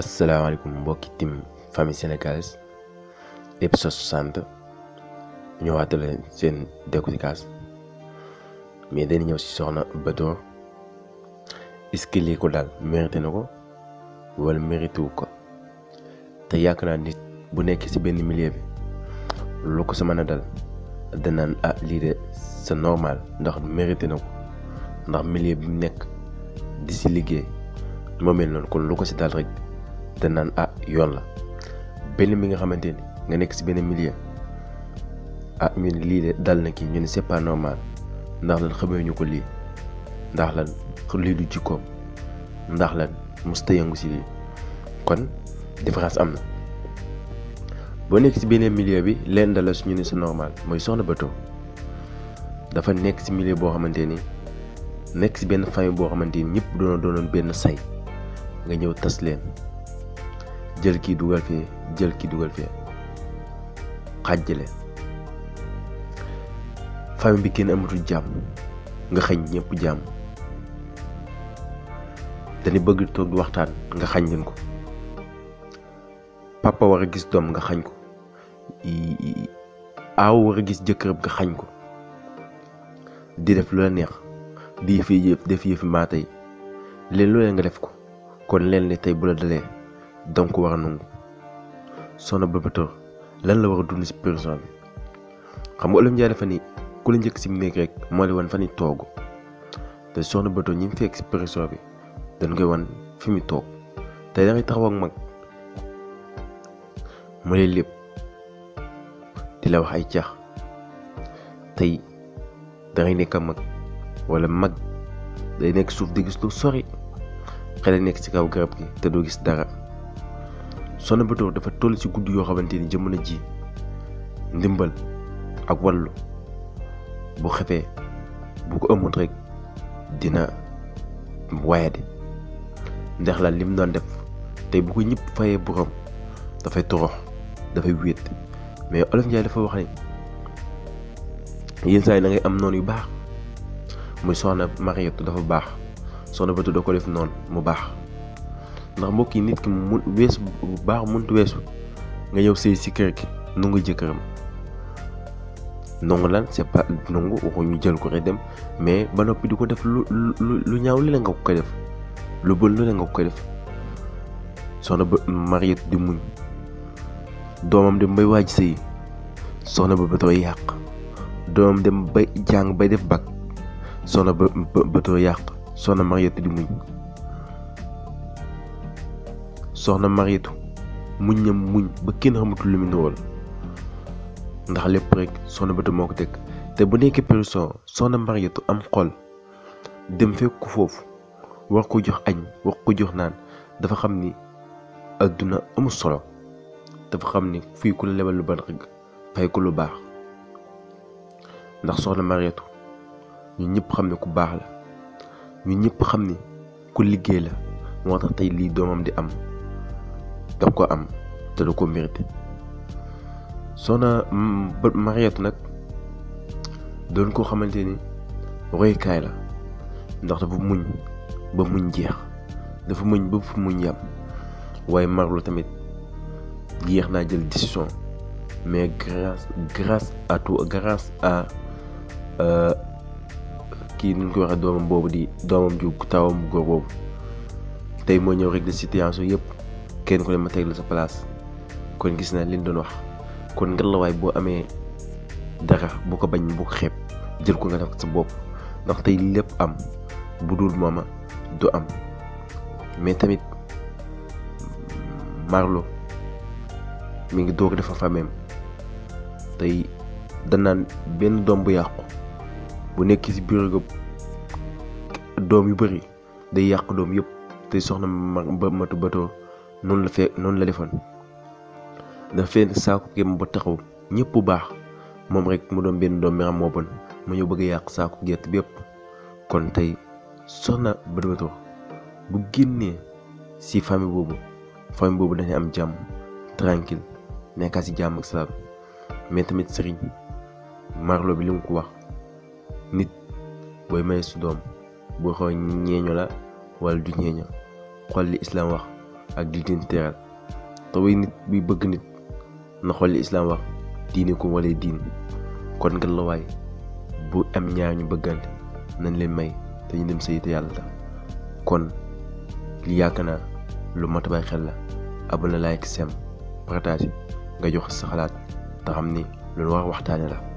asalaamaaleykum mbokki tim famille sénégalaise épisode 60 ñëwaat la seen décortiquage mais dañu ñëw si soxna Bator est-ce ko daal mérité na ko wala mérité ko te yaakaar naa nit bu nekk ci benn milieu bi lu ko sa mën a dal danaan ah lii de c'est normal ndax mérité na ko ndax milieu bi nekk di si liggéey. moo mel noonu kon lu ko si daal rek da ah yoon la benn mi nga xamante ni nga nekk ci benn milieu ah ñu ne lii dal na kii ñu ne c'est pas ndax lan xamee ñu ko lii ndax lan lii du jikkoom ndax lan musta yëngu si kon différence am na boo nekk ci benn milieu bi leen dala su ñu ne c'est normal mooy soxna Bato dafa nekk ci milieu boo xamante ni nekk ci benn famille boo xamante ni ñëpp doona doonoon benn say nga ñëw tas leen jël kii dugal fee jël kii dugal fee xàjjale famille bi kenn amatul jàmm nga xañ ñépp jàmm dañu bëgg toog di waxtaan nga xañ leen ko papa war a gis doom nga xañ ko aaw war a gis jëkkërëb nga xañ ko di def lu la neex di yëf yëf def yëfi maata yi leen loolee nga def ko kon leen ni tey bu la dalee danga ko war a nangu soxna Bébé Touré lan la war a dund si prison bi xam nga olof a dafa ni ku la njëkk si néeg rek moo di wan fan yi toog te soxna Bébé ñi mu fekk si prison bi dañ koy wan fi mu toog tey da ngay taxaw ak mag mu lay lépp di la wax ay caax tey da ngay nekk mag wala mag day nekk suuf di gis lu sori. xel nekk ci kaw garab gi te doo gis dara Soxna Bator dafa toll ci guddi yoo xamante ni jamono ji ndimbal ak wàllu bu xefee bu ko ëmmoon rek dina waayade ndex la lim doon def tey bu ko ñëpp fayee borom dafay torox dafay wéet mais Olof Njaay dafa wax ne yenn saa yi da am noonu yu baax muy Soxna Mariétu dafa baax soxna ba doo ko def noonu mu baax ndax mbokk yi nit ki mu weesu baax muntu weesu nga yow sëy si kër gi nangu jëkkëram nangu lan c'est pas nangu waxuñu jël ko rek dem mais ba noppi di ko def lu lu lu ñaaw li la nga ko koy def lu bon lu la nga ko koy def soxna ba Mariette di muñ doomam dem bay waaj sëy soxna ba Bator yàq doomam dem bay jàng bay def bac soxna ba Bator yàq. soxna Mariétou di muñ soxna Mariétou muñam muñ ba kenn xamatul lu mu nirool ndax lépp rek soxna Bëtu moo ko teg te bu nekkee personne soxna Mariétou am xol dem fekk ko foofu war ko jox añ war ko jox naan dafa xam ni adduna amul solo dafa xam ni fii ku la lu ba rek fay ko lu baax ndax soxna Mariétou ñun ñëpp xam ne ku baax la. ñu ñëpp xam ni ku liggéey la moo tax tey lii doomam di am daf ko am te da ko mérité soxna Mariétou nag doon koo xamante ni roykaay la ndax dafa muñ ba muñ jeex dafa muñ ba fu muñ yam waaye marlu tamit yéex naa jël décision mais grâce grâce à tout grâce à euh, kii nu ñu ko waxee doomam boobu di doomam ju tawam góor boobu tey moo ñëw rek de situation yëpp kenn ku ne ma teg la sa place kon gis naa liñ doon wax kon ngelawaay boo amee dara bu ko bañ bu ko xeeb jël ko nga def sa bopp ndax tey lépp am bu dul mooma du am mais tamit Marlo mu ngi doog defar fameem tey danaan benn doom bu yàqu. bu nekkee ci biir nga doom yu bëri day yàq doom yëpp te soxna ma matu batoo noonu la fee noonu la defoon dafa fee saako gem ba taxaw ñëpp bu baax moom rek mu doon benn doom mi am moo bon mu ñëw bëgg a yàq saako gerte bi yëpp kon tey soxna batu batoo bu génnee ci famille boobu famille boobu dañuy am jàmm tranquille nekkaa ci jàmm ak salaam mais tamit sëriñ marlo bi li mu ko wax nit booy may su doom boo xaw ñeeño la wala du ñeeño xool li islaam wax ak di leen teral te nit buy bëgg nit na xool li islaam wax diine ko wala diin kon nga la bu am ñaar ñu bëggante nañ leen may te ñu dem sëy te yàlla tax kon li yaakaar naa lu mat a xel la abonné like sem partage nga jox sa xalaat te xam ni loolu war waxtaane la